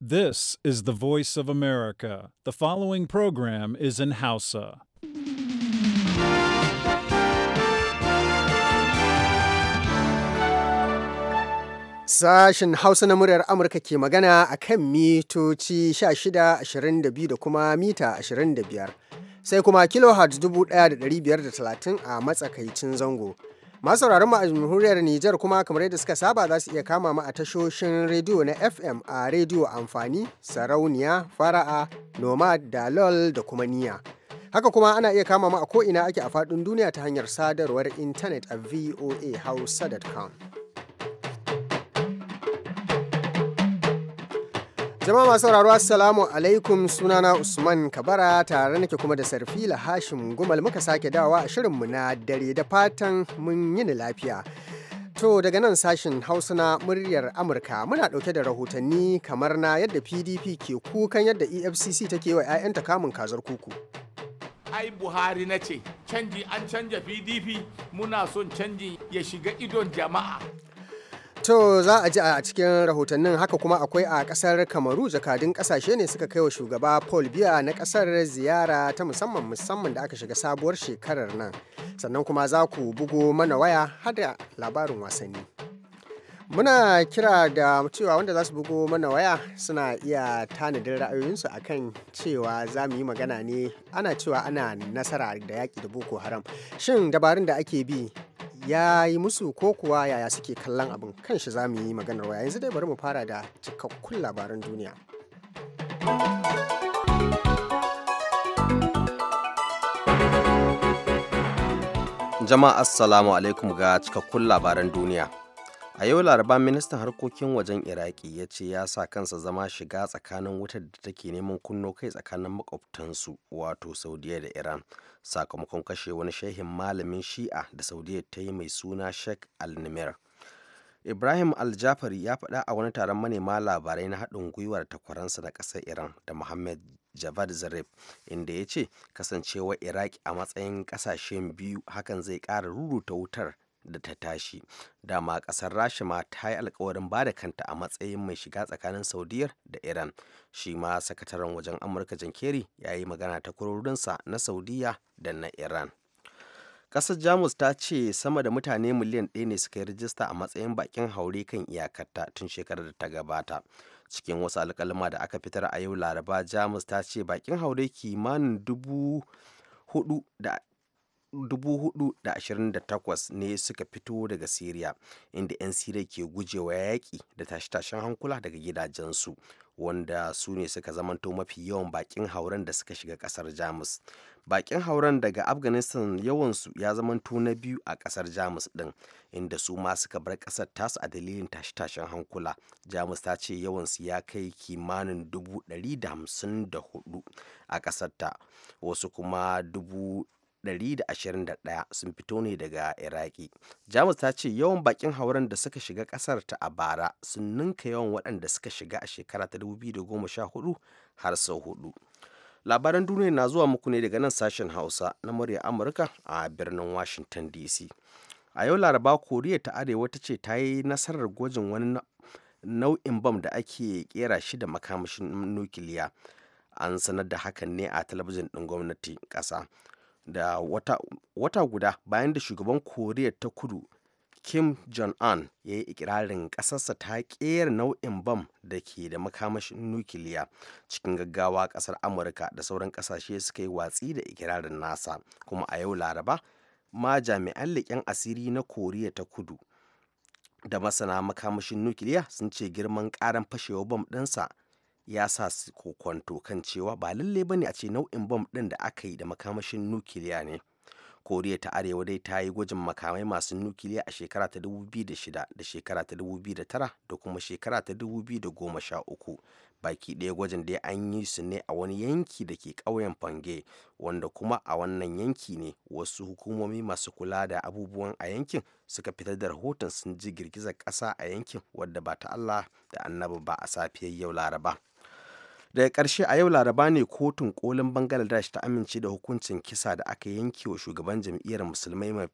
This is the voice of America. The following program is in Hausa. Sashen Hausa na muryar Amurka ke magana a kan mitoci 16, 22 da kuma mita 25, sai kuma kilohertz 1530 a matsakaicin zango. Masu sauraron mu a jamhuriyar Nijar kuma kamar yadda suka saba za su iya kama mu a tashoshin rediyo na FM a rediyo amfani, sarauniya, fara'a, nomad, dalol da kuma niya. Haka kuma ana iya kama mu a ko'ina ake a faɗin duniya ta hanyar sadarwar intanet a voahausa.com. Jama'a masu sauraro Assalamu alaikum sunana Usman Kabara tare nake kuma da Sarfila Hashim Gumal muka sake dawa a shirinmu na dare da fatan mun yi ni lafiya. To daga nan sashin Hausa na muryar Amurka muna dauke da rahotanni kamar na yadda PDP ke kukan yadda EFCC take wa 'ya'yanta kamun kazar kuku. ai buhari na ce canji an canja pdp muna son canji ya shiga idon jama'a To za a ji a cikin rahotannin haka kuma akwai a kasar Kamaru jakadun kasashe ne suka kai wa shugaba Paul Biya na kasar ziyara ta musamman musamman da aka shiga sabuwar shekarar nan. Sannan kuma za ku bugo mana waya hada labarin wasanni. Muna kira da cewa wanda za su bugo mana waya suna iya tanadin ra'ayoyinsu a kan cewa za mu yi magana ne ana cewa ana nasara da yaƙi da Boko Haram. Shin dabarun da ake bi ya yi musu ko kuwa yaya suke kallon abin kan shi za mu yi maganar waya yanzu dai bari mu fara da cikakkun labaran duniya jama'a assalamu alaikum ga cikakkun labaran duniya a yau laraba ministan harkokin wajen iraki ya ce ya sa kansa zama shiga tsakanin wutar da take neman kunno kai tsakanin makwabtansu wato saudiya da iran sakamakon kashe wani shehin malamin shi'a da saudiya ta yi mai suna sheikh al nimer ibrahim al-jafari ya faɗa a wani taron manema labarai na haɗin gwiwar takwaransa na ƙasar iran da muhammad javad zarif inda ya ce kasancewar iraq a matsayin ƙasashen biyu hakan zai ƙara ruruta wutar da ta tashi dama kasar rasha ma ta yi alkawarin ba da kanta a matsayin mai shiga tsakanin saudiyar da iran shi ma sakataren wajen amurka jan ya yi magana ta kurorinsa na saudiya da na iran kasar jamus ta ce sama da mutane miliyan ɗaya ne suka yi rijista a matsayin bakin haure kan iyakarta tun shekarar da ta gabata cikin wasu alkalma da aka fitar a yau laraba jamus ta ce bakin haure kimanin dubu hudu da 4,028 ne suka fito daga Siriya, inda 'yan Siriya ke gujewa yaƙi da tashe-tashen hankula daga gidajensu, wanda su ne suka zamanto mafi yawan bakin hauren da suka shiga ƙasar Jamus. Bakin hauren daga Afghanistan yawansu ya zamanto na biyu a ƙasar Jamus ɗin, inda su ma suka bar ƙasar tasu a dalilin tashe-tashen hankula. Jamus ta ce yawansu ya kai kimanin 154 a ƙasarta, wasu kuma dubu 121 sun fito ne daga iraki jamus ta ce yawan bakin hauren da suka shiga kasar ta a bara sun ninka yawan waɗanda suka shiga a shekara ta 2014 har sau hudu labaran duniya na zuwa muku ne daga nan sashen hausa na murya amurka a birnin washington dc a yau laraba koriya ta arewa ta ce ta yi nasarar gwajin wani nau'in bam da ake kera shi da makamashin nukiliya an sanar da hakan ne a talabijin din gwamnati ƙasa da wata, wata guda bayan da shugaban koriya ta kudu kim jong-un ya yi ikirarin kasarsa ta ƙera nau'in bam da ke da makamashin nukiliya cikin gaggawa kasar amurka da sauran kasashe suka yi watsi da ikirarin nasa kuma a yau laraba ma jami'an leƙen asiri na koriya ta kudu da masana makamashin nukiliya sun ce girman ƙaran fashewa bam ɗinsa ya sa su kokonto kan cewa ba lalle bane a ce nau'in bom ɗin da aka yi da makamashin nukiliya ne koriya ta arewa dai ta yi gwajin makamai masu nukiliya a shekara ta 2006 da shekara ta 2009 da kuma shekara ta 2013 baki ɗaya gwajin dai an yi su ne a wani yanki da ke ƙauyen fange wanda kuma a wannan yanki ne wasu hukumomi masu kula da abubuwan a yankin suka fitar da rahoton sun ji girgizar ƙasa a yankin wadda ba ta allah da annabi ba a safiyar yau laraba daga ƙarshe a yau laraba ne kotun kolin bangladesh ta amince da hukuncin kisa da aka yanke wa shugaban jam'iyyar musulmai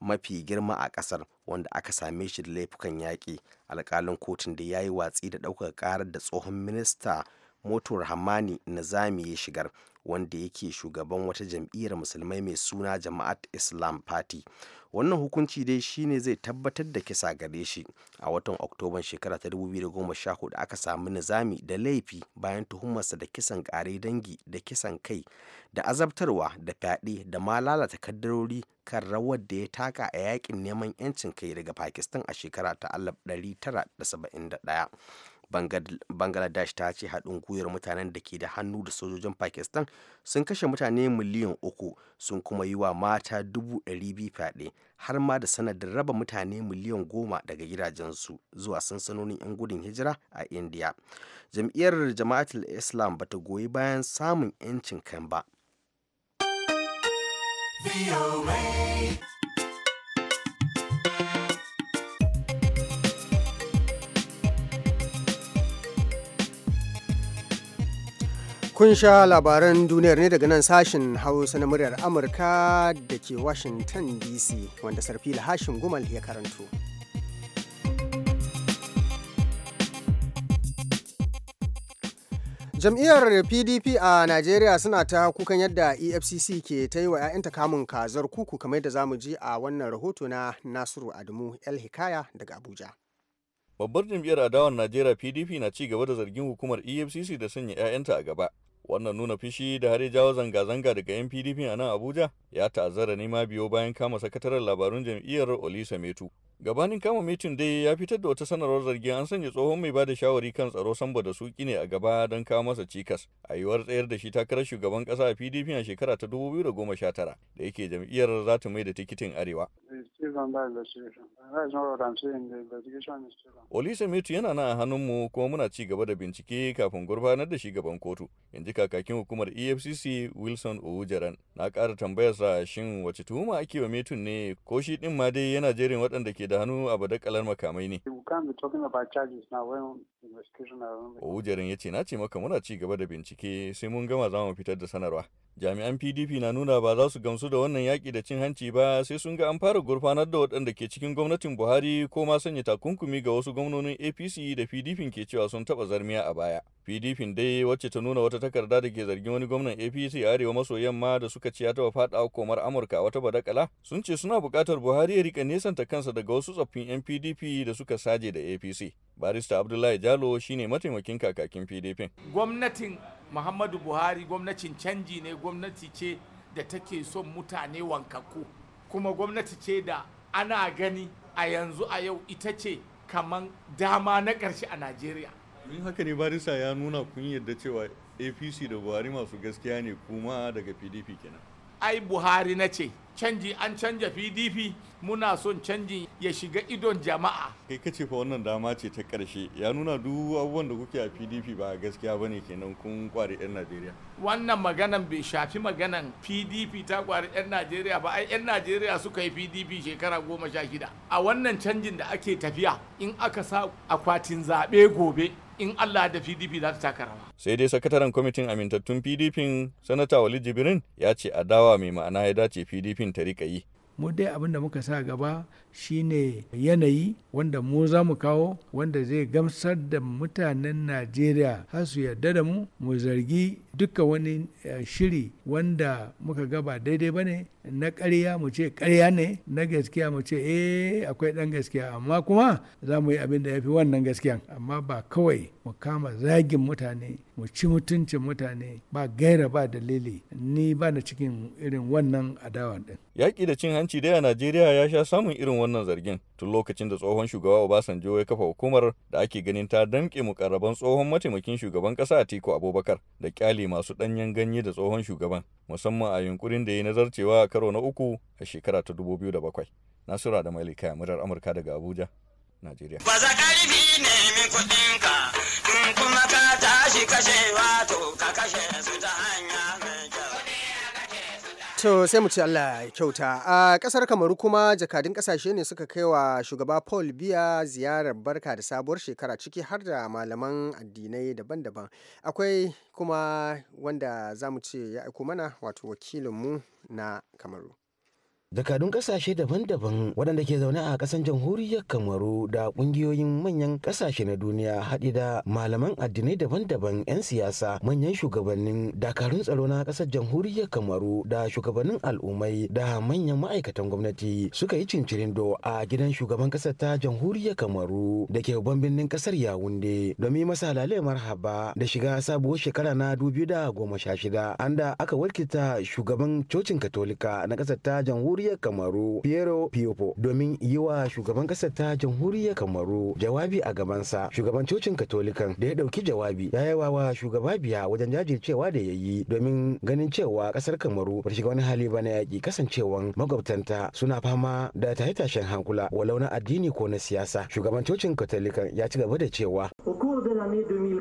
mafi girma a ƙasar wanda aka same shi da laifukan yaƙi alƙalin kotun da ya yi watsi da ɗaukar ƙarar da tsohon minista moto rahmani nazami ya shigar wanda yake shugaban wata jam'iyyar musulmai mai suna jama'at islam party wannan hukunci dai shine zai tabbatar da kisa gare shi a watan oktoban shekara ta 2014 aka sami nizami da laifi bayan tuhumarsa da kisan kare dangi da kisan kai da azabtarwa da fyaɗe da ma lalata kaddarori kan rawar da ya taka a yakin neman 'yancin kai daga pakistan a shekara ta 1971 bangladesh ta ce haɗin gwiwar mutanen da ke da hannu da sojojin pakistan sun kashe mutane miliyan uku sun kuma yi wa mata dubu ɗari biyu fyaɗe har ma da sanadin raba mutane miliyan goma daga gidajensu zuwa sansanonin 'yan gudun hijira a india jam'iyyar jama'atul islam bata goyi bayan samun 'yancin kan ba Kun sha labaran duniyar ne daga nan sashen Hausa na muryar Amurka da ke Washington DC wanda sarfi Hashin Gumal ya karanto. jam'iyyar pdp a najeriya suna ta kukan yadda efcc ke ta yi wa 'ya'yanta kamun kazar kuku kamar da zamu ji a wannan rahoto na nasiru adamu el hikaya daga abuja babbar jam'iyyar adawar najeriya pdp na ci gaba da zargin hukumar efcc da sanya 'ya'yanta a gaba wannan nuna fishi da har ya jawo zanga-zanga daga yan pdp a nan abuja ya ta'azzara nema biyo bayan kama sakataren labarun jam'iyyar olisa metu gabanin kama mitin dai ya fitar da wata sanarwar zargin an sanya tsohon mai ba da shawari kan tsaro samba da suki ne a gaba don kawo masa cikas a yiwuwar tsayar da shi takarar shugaban kasa a pdp a shekara ta 2019 da yake jam'iyyar za ta mai da tikitin arewa olisa mitu yana nan a hannunmu kuma muna ci gaba da bincike kafin gurfanar da shi gaban kotu in ji kakakin hukumar efcc wilson owujaran na ƙara tambayarsa shin wace tuhuma ake wa mitun ne ko shi ɗin ma dai yana jerin waɗanda ke da hannu a badakalar makamai ne. Ojarin ya ce na ce maka muna ci gaba da bincike sai mun gama za mu fitar da sanarwa. Jami'an PDP na nuna ba za su gamsu da wannan yaƙi da cin hanci ba sai sun ga an fara gurfanar da waɗanda ke cikin gwamnatin Buhari ko ma sanya takunkumi ga wasu gwamnonin APC da PDP ke cewa sun taɓa zarmiya a baya. PDP dai wacce ta nuna wata takarda da ke zargin wani gwamnan APC Arewa maso yamma da suka ci ya taɓa faɗa komar Amurka wata badakala sun ce suna buƙatar Buhari ya rika nesanta kansa daga wasu tsoffin 'yan PDP da suka saje da APC. Barista Abdullahi Jalo shine mataimakin kakakin PDP. Gwamnatin Muhammadu Buhari gwamnatin canji ne gwamnati ce da take son mutane wankakku kuma gwamnati ce da ana gani a yanzu a yau ita ce kaman dama na ƙarshe a Najeriya. in haka ne barisa ya nuna kun yadda cewa apc da buhari masu gaskiya ne kuma daga pdp kenan ai buhari na ce canji an canja pdp muna son canji. ya shiga idon jama'a kai ka ce fa wannan dama ce ta karshe ya nuna duk abubuwan da kuke a pdp ba gaskiya bane kenan kun kwari yan najeriya wannan maganan bai shafi maganan pdp ta kwari yan najeriya ba ai yan najeriya suka yi pdp shekara goma sha shida a wannan canjin da ake tafiya in aka sa akwatin zaɓe gobe in Allah da PDP za ta taka rawa. Sai dai sakataren kwamitin amintattun PDP Sanata Wali Jibrin ya ce adawa mai ma'ana ya dace PDP ta rika yi mu dai abin da muka sa gaba shine yanayi wanda mu za mu kawo wanda zai gamsar da mutanen najeriya har su yarda da mu mu zargi duka wani eh, shiri wanda muka gaba daidai ba ne na karya mu ce karya ne na gaskiya mu ce eh akwai ɗan gaskiya amma kuma za mu yi abin da ya fi wannan gaskiya amma ba kawai mu kama zagin mutane mu ci mutuncin mutane ba gaira ba dalili ni ba na cikin irin wannan adawa ɗin. yaƙi da cin hanci dai a najeriya ya sha samun irin wannan zargin tun lokacin da tsohon shugaba Obasanjo ya kafa hukumar da ake ganin ta damƙe mukarraban tsohon mataimakin shugaban ƙasa Atiku Abubakar da ƙyale masu ɗanyen ganye da tsohon shugaban musamman a yunkurin da ya nazarcewa karo na uku a shekara ta 2007. Nasura da Malika murar Amurka daga Abuja, Najeriya. Baza To sai mu ci Allah ya kyauta. A kasar Kamaru kuma jakadun kasashe ne suka kai wa shugaba Paul Biya ziyarar barka da sabuwar shekara ciki har da malaman addinai daban-daban. Akwai kuma wanda za mu ce ya aiko mana wato wakilinmu na Kamaru. Jakadun kasashe daban-daban waɗanda ke zaune a ƙasan jamhuriyar Kamaru da ƙungiyoyin manyan ƙasashe na duniya haɗi da malaman addinai daban-daban 'yan siyasa manyan shugabannin dakarun tsaro na ƙasar jamhuriyar Kamaru da shugabannin al'ummai da manyan ma'aikatan gwamnati suka yi do a gidan shugaban ƙasar ta jamhuriyar Kamaru da ke babban birnin ƙasar Yawunde domin masa halale marhaba da shiga sabuwar shekara na dubu da goma sha shida an da aka warkita shugaban cocin katolika na ƙasar ta jamhuriyar jamhuriyar kamaru piero piopo domin yi wa shugaban kasar ta jamhuriyar kamaru jawabi a gabansa shugaban cocin katolikan da ya dauki jawabi ya yawa wa shugaba biya wajen jajircewa da ya yi domin ganin cewa kasar kamaru ba shiga wani hali ba na yaƙi kasancewan magwabtanta suna fama da tashe-tashen hankula walau na addini ko na siyasa shugaban cocin katolikan ya ci gaba da cewa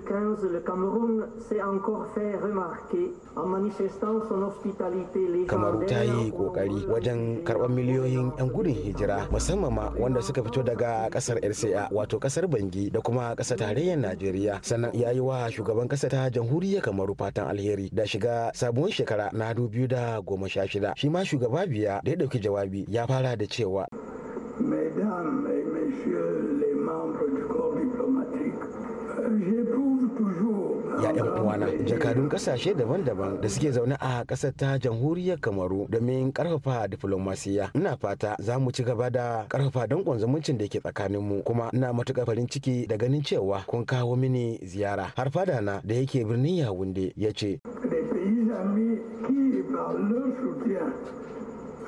2015, le Cameroun s'est encore fait remarquer en manifestant son hospitalité Kamaru ta yi kokari wajen karɓar miliyoyin 'yan gudun hijira musamman ma wanda suka fito daga ƙasar RCA wato ƙasar Bangi da kuma ƙasar tarayyar Najeriya sannan ya yi wa shugaban ƙasa ta jamhuriyar Kamaru fatan alheri da shiga sabuwar shekara na 2016 shi ma shugaba biya da ya ɗauki jawabi ya fara da cewa Mesdames et messieurs les membres du corps diplomatique, j'ai ya 'yan uwana jakadun kasashe daban-daban da suke zaune a ƙasar ta jamhuriyar kamaru domin ƙarfafa diflomasiya ina fata za mu ci gaba da ƙarfafa dankon zumuncin da ke tsakanin mu kuma ina matuƙar farin ciki da ganin cewa kun kawo mini ziyara har fada na da yake birnin yawunde ya ce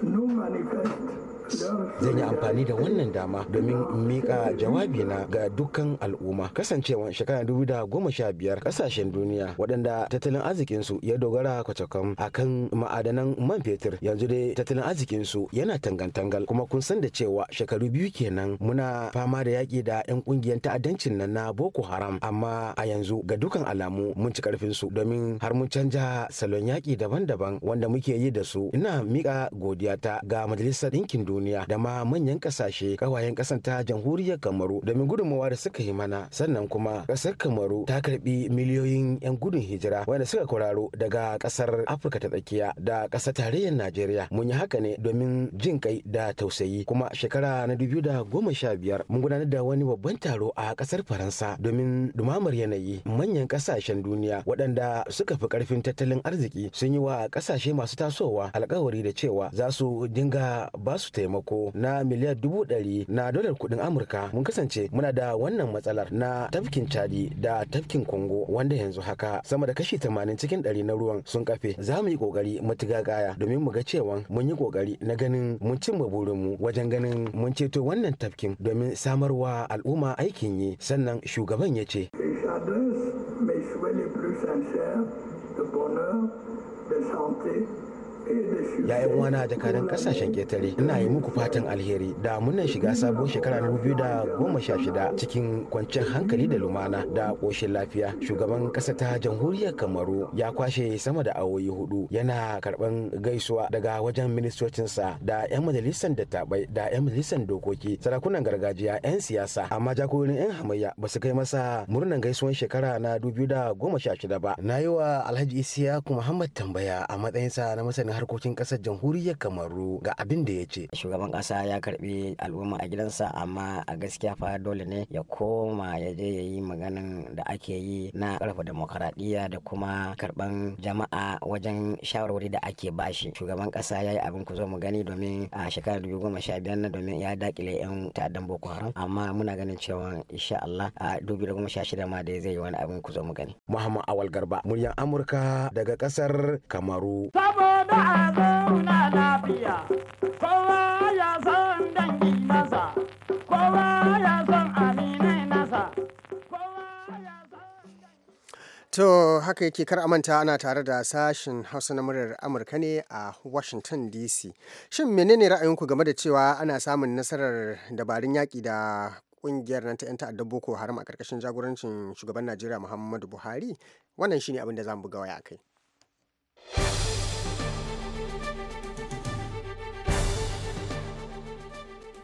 Nous manifestons zan yi amfani da wannan dama domin mika na ga dukkan al'umma kasancewan shekara dubu da goma sha biyar kasashen duniya waɗanda tattalin arzikinsu ya dogara a kan ma'adanan man fetur yanzu dai tattalin arzikinsu yana tangantangal kuma kun san da cewa shekaru biyu kenan muna fama da yaƙi da 'yan ƙungiyar ta'addancin nan na boko haram amma a yanzu ga dukkan alamu mun ci karfinsu domin har mun canja salon yaƙi daban-daban wanda muke yi da su ina mika godiyata ga majalisar ɗinkin duniya duniya da ma manyan kasashe kawayen kasan ta jamhuriyar kamaru domin gudunmawa da suka yi mana sannan kuma kasar kamaru ta karbi miliyoyin yan gudun hijira wanda suka kwararo daga kasar afirka ta tsakiya da kasar tarayyar najeriya mun yi haka ne domin jin kai da tausayi kuma shekara na dubu da goma sha biyar mun gudanar da wani babban taro a kasar faransa domin dumamar yanayi manyan kasashen duniya waɗanda suka fi karfin tattalin arziki sun yi wa kasashe masu tasowa alkawari da cewa za su dinga ba su taimako na miliyar dubu ɗari na dolar kuɗin amurka mun kasance muna da wannan matsalar na tafkin chadi da tafkin congo wanda yanzu haka sama da kashi tamanin cikin ɗari na ruwan sun kafe za mu yi ƙoƙari matuga gaya domin mu ga cewa mun yi ƙoƙari na ganin mun cimma burinmu wajen ganin mun ceto wannan tafkin domin samarwa al'umma aikin yi sannan shugaban ya ce de bonheur, de santé ya yan uwana jakadan kasashen ketare ina yi muku fatan alheri da munan shiga sabon shekara na biyu da goma sha shida cikin kwanciyar hankali da lumana da ƙoshin lafiya shugaban ƙasa ta jamhuriyar kamaru ya kwashe sama da awoyi hudu yana karɓan gaisuwa daga wajen ministocinsa da 'yan majalisar dattabai da 'yan majalisar dokoki sarakunan gargajiya 'yan siyasa amma jagorin 'yan hamayya ba su kai masa murnan gaisuwan shekara na dubu da goma sha shida ba na yi wa alhaji isiyaku muhammad tambaya a matsayinsa na masanin na harkokin kasar jamhuriyar kamaru ga abin da ya ce shugaban kasa ya karbi al'umma a gidansa amma a gaskiya fa dole ne ya koma ya je ya yi maganin da ake yi na karfa demokaradiyya da kuma karban jama'a wajen shawarwari da ake bashi shugaban kasa ya yi abin ku zo mu gani domin a shekarar dubu goma sha biyar na domin ya dakile yan ta'addan boko haram amma muna ganin cewa insha Allah a dubu goma sha shida ma da zai yi wani abin ku zo mu gani Muhammad Awal Garba muryar Amurka daga ƙasar Kamaru. To haka yake kar amanta ana tare da sashen Hausa na murar Amurka ne a Washington DC. Shin menene ra'ayinku game da cewa ana samun nasarar dabarun yaƙi da ƙungiyar nan ta 'yan ta'addar Boko Haram a ƙarƙashin jagorancin shugaban Najeriya Muhammadu Buhari? Wannan shine abin da zamu buga waya kai.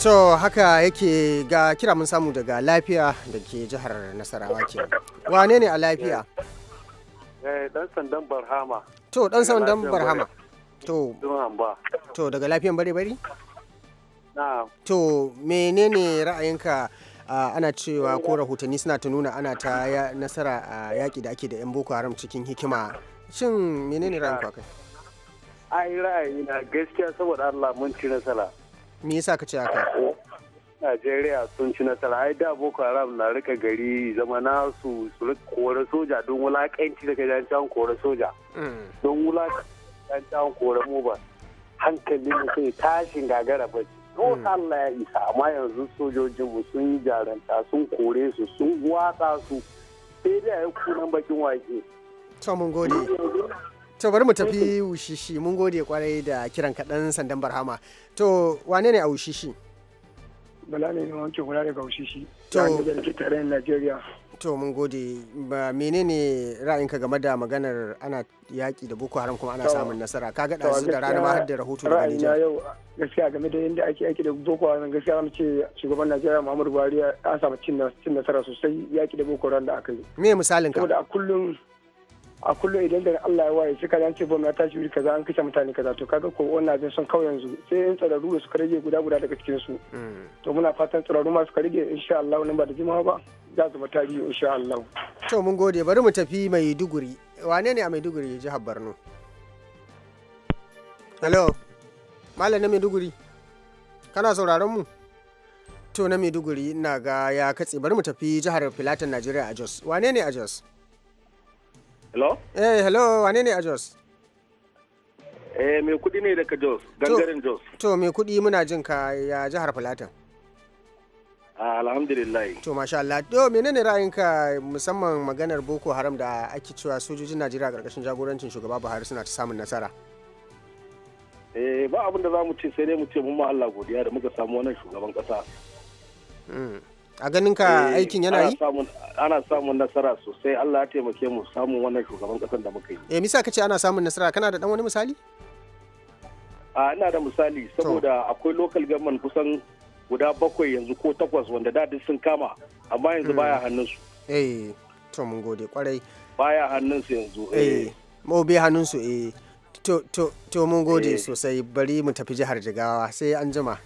to haka yake ga kira mun samu daga lafiya da ke jihar nasarawa ke wane ne a lafiya eh, dan sandan barhama to dan sandan barhama to to daga lafiyan bare bare to menene ra'ayinka ana cewa ko rahotanni suna ta nuna ana ta nasara a yaƙi da ake da 'yan boko haram cikin hikima shin menene ra'ayinka kai ai ra'ayi na gaskiya saboda Allah mun ci nasara me yasa ka ce haka Najeriya sun ci nasara ai da Boko Haram na rika gari zama na su su kore soja don wulakanci da kai can kore soja mm. don wulakanci can kore mu ba hankalin mu sai tashin gagara bacci ko mm. Allah ya isa amma yanzu sojojin mu sun yi jaranta sun kore su sun watsa su sai da ya kunan bakin wake to gode to bari mu tafi wushishi mun gode kwarai da kiran kaɗan sandan barhama to wane ne a wushishi bala ne ne wanke kula daga wushishi to da ke tarayyar najeriya to mun gode ba menene ra'ayinka game da maganar ana yaƙi da boko haram kuma ana samun nasara ka ga su da rana ma har da rahoto da Nijar yau gaskiya game da yadda ake yaƙi da boko haram gaskiya zamu ce shugaban Najeriya Muhammadu Buhari ya samu cin nasara sosai yaƙi da boko haram da aka yi me misalin ka saboda a kullum a kullum idan da Allah ya waye suka zance bom ya tashi wuri kaza an kashe mutane kaza to kaga ko wannan abin son kawai yanzu sai in tsararru da suka rage guda guda daga cikin su mm. to muna fatan tsararru ma suka rage insha Allah nan ba da jimawa ba za su mata biyu insha Allah to mun gode bari mu tafi mai duguri wane ne a mai duguri jihar Borno hello malam na mai duguri kana sauraron mu to na mai duguri ina ga ya katse bari mu tafi jihar Filatan Najeriya a Jos wane ne a Jos Hello? Eh, hey, hello, wane ne a Jos? Eh, mai kudi ne daga Jos, gangaren Jos. To, mai kudi muna jin ka ya jihar Filatan. Ah, alhamdulillah. To, masha Allah. To, ra'ayin ra'ayinka musamman maganar Boko Haram da ake cewa sojojin Najeriya ƙarƙashin jagorancin shugaba Buhari suna ta samun nasara? Eh, ba abin da za mu ce sai dai mu ce mun ma Allah godiya da muka samu wannan shugaban ƙasa. Hmm. a ganin ka eh, aikin yana yi ana samun nasara sosai Allah ya taimake mu samun wannan shugaban kasan da muka yi eh misa kace ana samun nasara kana da dan wani misali a ina da misali saboda akwai local government kusan guda bakwai yanzu ko takwas wanda da duk sun kama amma yanzu baya hmm. su. eh to mun gode kwarai baya su yanzu eh mo bai su eh to to to mun gode eh. sosai bari mu tafi jihar Jigawa sai an jima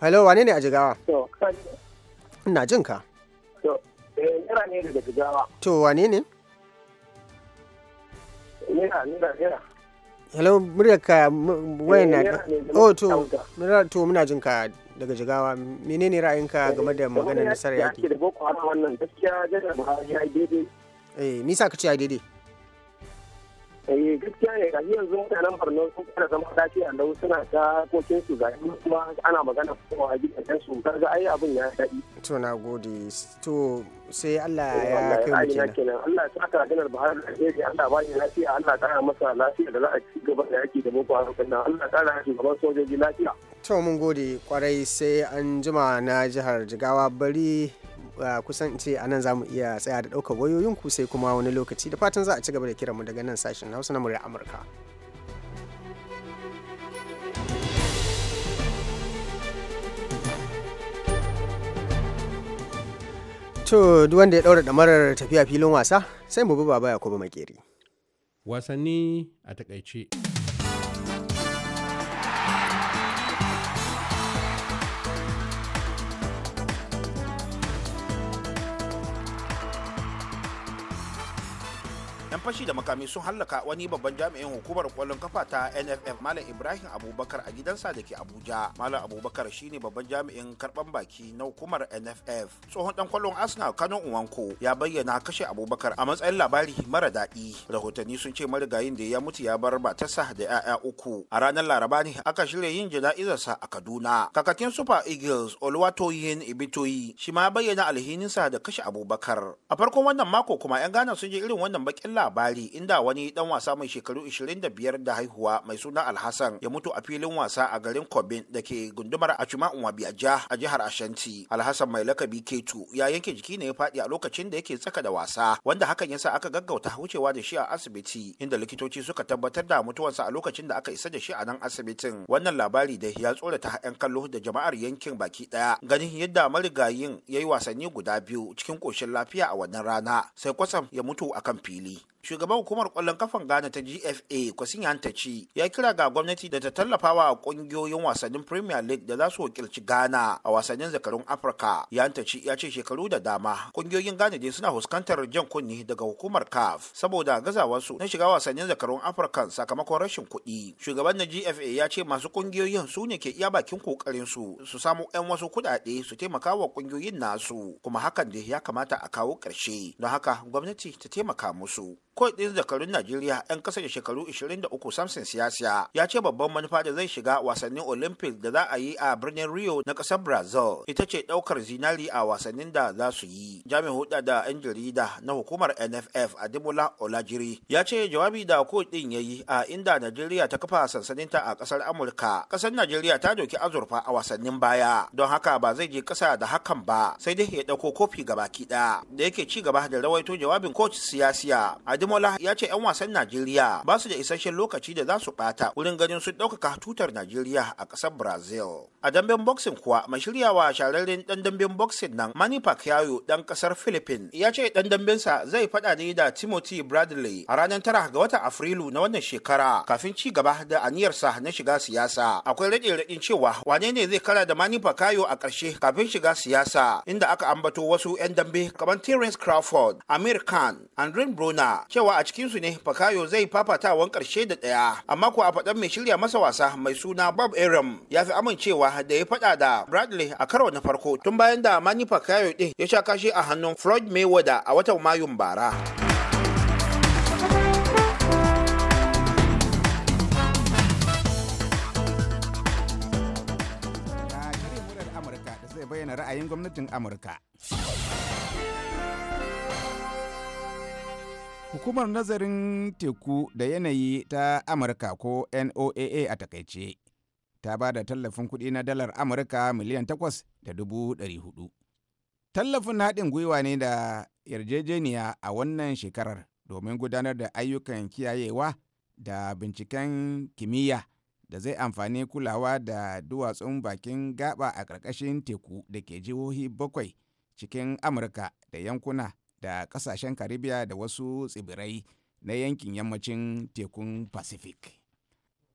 hello wane ne a jigawa To, ina jin ka To, eh, nira ne daga jigawa to wane ne Nira, nira, nira. hello murya ka wayan na eh, oh to nira, to muna jin ka daga jigawa Mene ne ra'ayinka eh, game da maganar nasarar yaki da boko haram wannan gaskiya jana ba ya daidai eh misa ka ce ya daidai eh gaskiya ne ga yanzu mutanen Borno sun fara zama lafiya lau suna ta kokin su ga kuma ana magana ko a gidajen su kaga ai abin ya dadi to na gode to sai Allah eh, ya kai mu kenan Allah ya saka ganar da yake Allah ba ni lafiya Allah kara masa lafiya da za a ci gaba da yaki da boko haram kana Allah kara shi gaban sojoji lafiya to mun gode kwarai sai an jima na jihar Jigawa bari Ah, kusan ce a nan za mu iya tsaya da ɗaukar ku sai kuma wani lokaci da fatan za a ci gaba da kiranmu daga nan sashen hausa na murya amurka. to duk wanda ya daura damarar tafiya filin wasa sai mu bi baba yakubu makeri wasanni a takaice 'yan fashi da makami sun hallaka wani babban jami'in hukumar kwallon kafa ta nff malam ibrahim abubakar a gidansa da ke abuja malam abubakar shine babban jami'in karban baki na hukumar nff tsohon dan kwallon arsenal kano uwanko ya bayyana kashe abubakar a matsayin labari mara daɗi rahotanni sun ce marigayin da ya mutu ya bar matarsa da 'ya'ya uku a ranar laraba ne aka shirya yin jana'izarsa a kaduna kakakin super eagles oluwatoyin ibitoyi shi ma bayyana alhininsa da kashe abubakar a farkon wannan mako kuma 'yan ghana sun je irin wannan bakin labari inda wani dan wasa mai shekaru 25 da haihuwa mai suna alhassan ya mutu a filin wasa a garin kobin da ke gundumar a biaja a jihar ashanti alhassan mai lakabi ketu ya yanke jiki ne ya fadi a lokacin da yake tsaka da wasa wanda hakan yasa aka gaggauta wucewa da shi a asibiti inda likitoci suka tabbatar da mutuwarsa a lokacin da aka isa da shi a nan asibitin wannan labari da ya ta 'yan kallo da jama'ar yankin baki daya ganin yadda marigayin ya yi wasanni guda biyu cikin koshin lafiya a wannan rana sai kwatsam ya mutu akan fili shugaban hukumar kwallon kafan ghana ta gfa kwasin yantaci ya kira ga gwamnati da ta tallafawa wa kungiyoyin wasannin premier league da za su wakilci ghana a wasannin zakarun afirka yantaci ya ce shekaru da dama kungiyoyin ghana dai suna fuskantar jan kunni daga hukumar caf saboda gazawarsu na shiga wasannin zakarun afirka sakamakon rashin kuɗi shugaban na gfa ya ce masu kungiyoyin su ne ke iya bakin kokarin su su samu yan wasu kuɗaɗe su taimaka wa kungiyoyin nasu kuma hakan dai ya kamata a kawo ƙarshe don haka gwamnati ta taimaka musu Kawai ɗin zakarun Najeriya 'yan ƙasa da shekaru 23 Samson Siyasa ya ce babban manufa da zai shiga wasannin Olympic da za a yi a birnin Rio na ƙasar Brazil ita ce ɗaukar zinari a wasannin da za su yi. Jami'in hulɗa da 'yan jarida na hukumar NFF Adibola Olajiri ya ce jawabi da kawai ɗin ya yi a inda Najeriya ta kafa sansaninta a ƙasar Amurka. Ƙasar Najeriya ta doki azurfa a wasannin baya don haka ba zai je ƙasa da hakan ba sai dai ya ɗauko kofi gabaki ɗaya da yake ci gaba da rawaito jawabin coach siyasiya Ademola ya ce 'yan wasan Najeriya ba su da isasshen lokaci da za su ɓata wurin ganin sun ɗaukaka tutar Najeriya a ƙasar Brazil. A damben boxing kuwa mai shiryawa shahararren ɗan damben boxing nan Manny Pacquiao ɗan ƙasar Philippines ya ce ɗan dambensa zai faɗa ne da Timothy Bradley a ranar tara ga watan Afrilu na wannan shekara kafin ci gaba da aniyarsa na shiga siyasa. Akwai raɗe-raɗin cewa wane ne zai kara da Manny Pacquiao a ƙarshe kafin shiga siyasa inda aka ambato wasu 'yan dambe kamar Terence Crawford, Amir Khan, Andrew Bruna, cewa a cikinsu ne Fakayo zai fafatawan ƙarshe da ɗaya. Amma ko a faɗan mai shirya masa wasa mai suna Bob Aram ya fi amincewa da ya faɗa da Bradley a karo na farko tun bayan da Manny Fakayo ɗin ya sha kashe a hannun Floyd Mayweather a watan Mayun bara. bayyana ra'ayin gwamnatin Amurka. Hukumar Nazarin Teku da Yanayi ta Amurka ko NOAA a takaice ta ba da tallafin kuɗi na dalar Amurka miliyan takwas da dubu ɗari hudu. Tallafin haɗin gwiwa ne da yarjejeniya a wannan shekarar domin gudanar da ayyukan kiyayewa da binciken kimiyya da zai amfani kulawa da duwatsun bakin gaba a ƙarƙashin teku da ke jihohi bakwai cikin amurka da yankuna da ƙasashen Karibiya da wasu tsibirai na yankin yammacin tekun Pacific.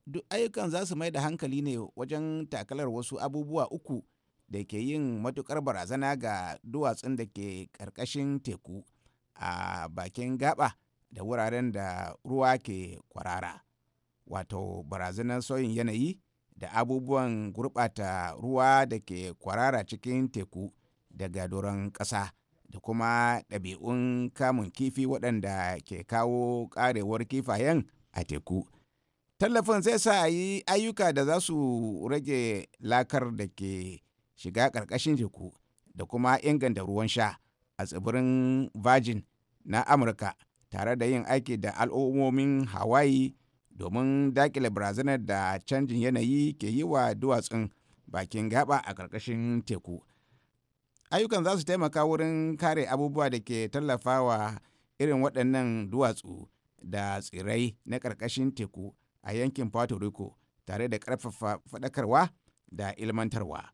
Duk ayyukan za su mai da hankali ne wajen takalar wasu abubuwa uku da ke yin matukar barazana ga duwatsun da ke ƙarƙashin teku a bakin gaba da wuraren da ruwa ke kwarara. Wato barazanar sauyin yanayi da abubuwan gurɓata ruwa da ke kwarara cikin teku daga doron ƙasa. da kuma ɗabi'un kamun kifi waɗanda ke kawo ƙarewar kifayen a teku. Tallafin zai sa a yi ayyuka da za su rage lakar da ke shiga ƙarƙashin teku da kuma inganta ruwan sha a tsibirin Virgin na Amurka tare da yin aiki da al'ummomin Hawaii domin daƙile barazanar da canjin yanayi ke yi wa duwatsun bakin gaba a ƙarƙashin teku. ayyukan za su taimaka wurin kare abubuwa da ke tallafawa irin waɗannan duwatsu da tsirai na ƙarƙashin teku a yankin puerto rico tare da ƙarfafa faɗakarwa da ilmantarwa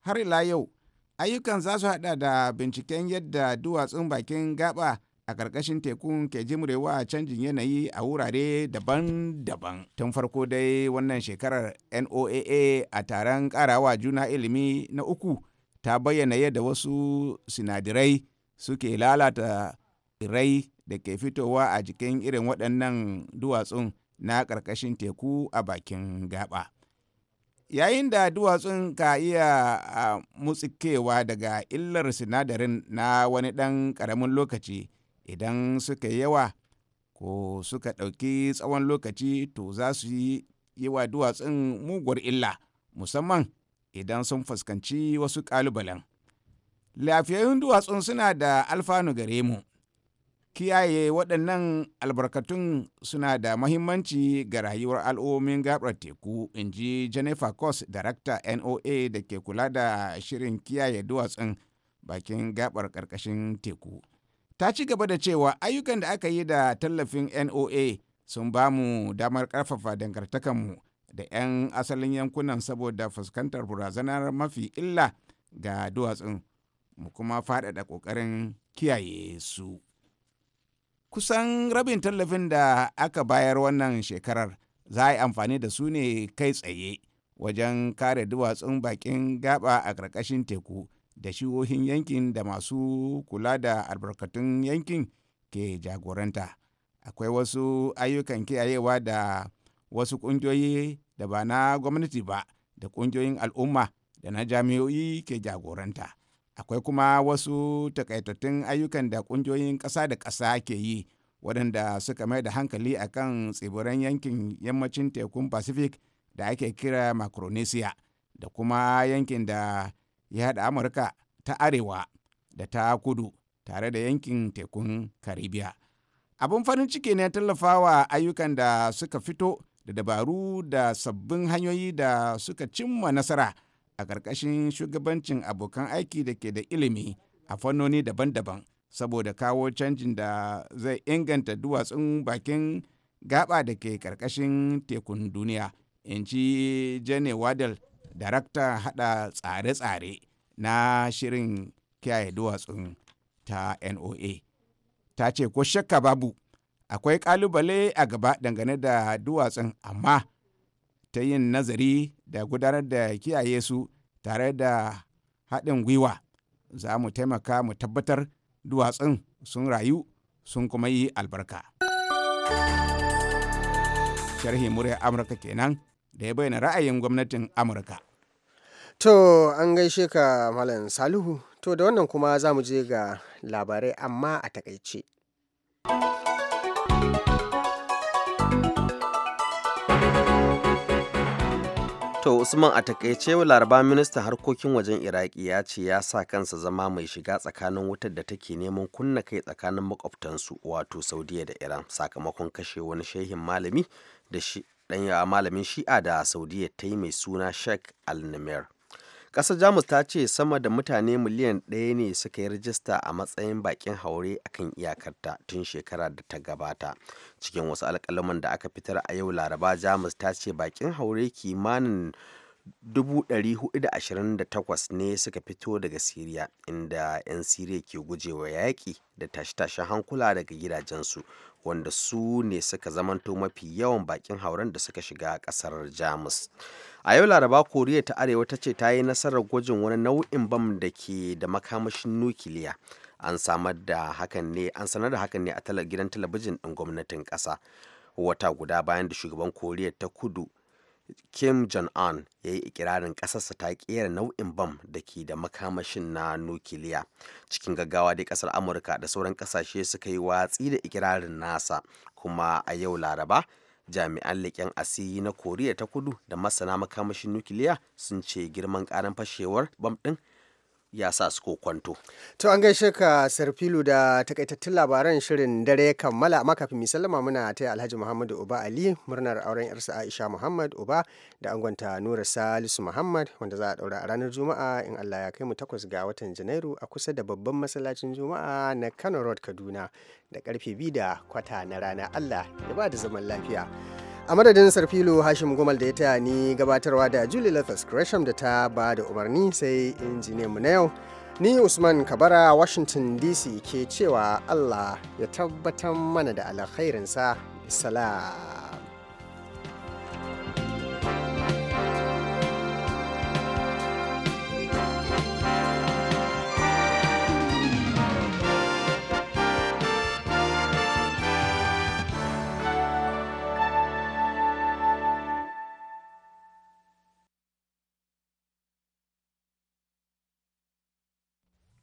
har ila yau ayyukan za su haɗa da binciken yadda duwatsun bakin gaba a ƙarƙashin tekun ke jimurewa canjin yanayi a wurare daban-daban tun farko dai wannan shekarar noaa a taron ƙarawa juna ilimi na uku ta bayyana yadda wasu sinadirai suke lalata rai da ke fitowa a jikin irin waɗannan duwatsun na ƙarƙashin teku a bakin gaba. Yayin da duwatsun ka iya mutsikewa daga illar sinadarin na wani ɗan ƙaramin lokaci idan suka yawa ko suka ɗauki tsawon lokaci to za su yi wa duwatsun muguwar illa musamman idan sun fuskanci wasu ƙalubalen. Lafiyayyun duwatsun suna da alfanu gare mu. Kiyaye waɗannan albarkatun suna da mahimmanci ga rayuwar al'ummin gabar teku, in ji Jennifer Cos, Darakta NOA da ke kula da shirin kiyaye duwatsun bakin gabar ƙarƙashin teku. Ta ci gaba da cewa ayyukan da aka yi da tallafin NOA sun ba mu damar ƙarfafa mu da 'yan asalin yankunan saboda fuskantar burazanar mafi illa ga duwatsun mu kuma faɗaɗa ƙoƙarin kiyaye su. Kusan rabin tallafin da aka bayar wannan shekarar za a yi amfani da su ne kai tsaye wajen kare duwatsun bakin gaba a ƙarƙashin teku da shiwohin yankin da masu kula da albarkatun yankin ke jagoranta. Akwai wasu ayyukan kiyayewa da wasu ƙungiyoyi da ba na gwamnati ba da ƙungiyoyin al'umma da na jami'o'i ke jagoranta. Akwai kuma wasu takaitattun ayyukan da ƙungiyoyin ƙasa da ƙasa ke yi waɗanda suka mai da hankali a kan tsibiran yankin yammacin tekun Pacific da ake kira macronesia da kuma yankin da ya haɗa Amurka ta Arewa da ta Kudu tare da yankin tekun Karibiya. Abin farin ciki ne tallafawa ayyukan da suka fito da dabaru da sabbin hanyoyi da suka cimma nasara a ƙarƙashin shugabancin abokan aiki da ke da ilimi a fannoni daban-daban saboda kawo canjin da zai inganta duwatsun bakin gaba da ke ƙarƙashin tekun duniya in ci jane wadal darakta haɗa tsare-tsare na shirin kiyaye duwatsun ta noa ta ce ko shakka babu akwai kalubale a gaba dangane da duwatsun amma ta yin nazari da gudanar da kiyaye su tare da haɗin gwiwa za mu taimaka mu tabbatar duwatsun sun rayu sun kuma yi albarka. sharhi murya amurka kenan da ya bayyana ra'ayin gwamnatin amurka to an gaishe ka malam salihu to da wannan kuma za mu je ga labarai amma a takaice. to usman a takaice laraba ministan harkokin wajen iraki ya ce ya sa kansa zama mai shiga tsakanin wutar da take neman kunna kai tsakanin makwabtansu wato saudiya da iran sakamakon kashe wani shehin malami da shi malamin shi'a da saudiya ta yi mai suna sheikh al-namir ƙasar jamus ta ce sama da mutane miliyan ɗaya ne suka yi rajista a matsayin bakin haure akan iyakarta tun shekara da ta gabata cikin wasu alkalaman da aka fitar a yau laraba jamus ta ce bakin haure kimanin 428 ne suka fito daga siriya inda 'yan siriya ke gujewa yaƙi da tashe-tashen hankula daga gidajensu wanda su ne suka zamanto mafi yawan bakin hauren da suka shiga ƙasar jamus a yau laraba koriya ta arewa ta ce ta yi nasarar gwajin wani nau'in bam da ke da makamashin nukiliya an samar da hakan ne an sanar da hakan ne a gidan talabijin ɗin gwamnatin ƙasa wata guda bayan da shugaban koriya ta kudu kim jong-un ya yi ikirarin ƙasarsa ta ƙera nau'in bam da ke da makamashin na nukiliya cikin gaggawa dai ƙasar amurka da sauran ƙasashe suka yi watsi da ikirarin nasa kuma a yau laraba jami'an leƙen asiri na koriya ta kudu da masana makamashin nukiliya sun ce girman ƙaran fashewar bam ɗin ya sa su kwanto. To an gaishe ka Sarfilu da takaitattun labaran shirin dare ya kammala amma kafin misalama muna taya Alhaji Muhammadu Uba Ali murnar auren yarsa Aisha Muhammad Uba da angonta Nura Salisu Muhammad wanda za a daura a ranar Juma'a in Allah ya kai mu takwas ga watan Janairu a kusa da babban masallacin Juma'a na Kano Road Kaduna da karfe biyu da kwata na rana Allah ya ba da zaman lafiya. a madadin sarfilo hashim gomal da ya taya ni gabatarwa da julie lathas gresham da ta ba da umarni sai mu na yau ni usman kabara washington dc ke cewa allah ya tabbatar mana da alkhairinsa salam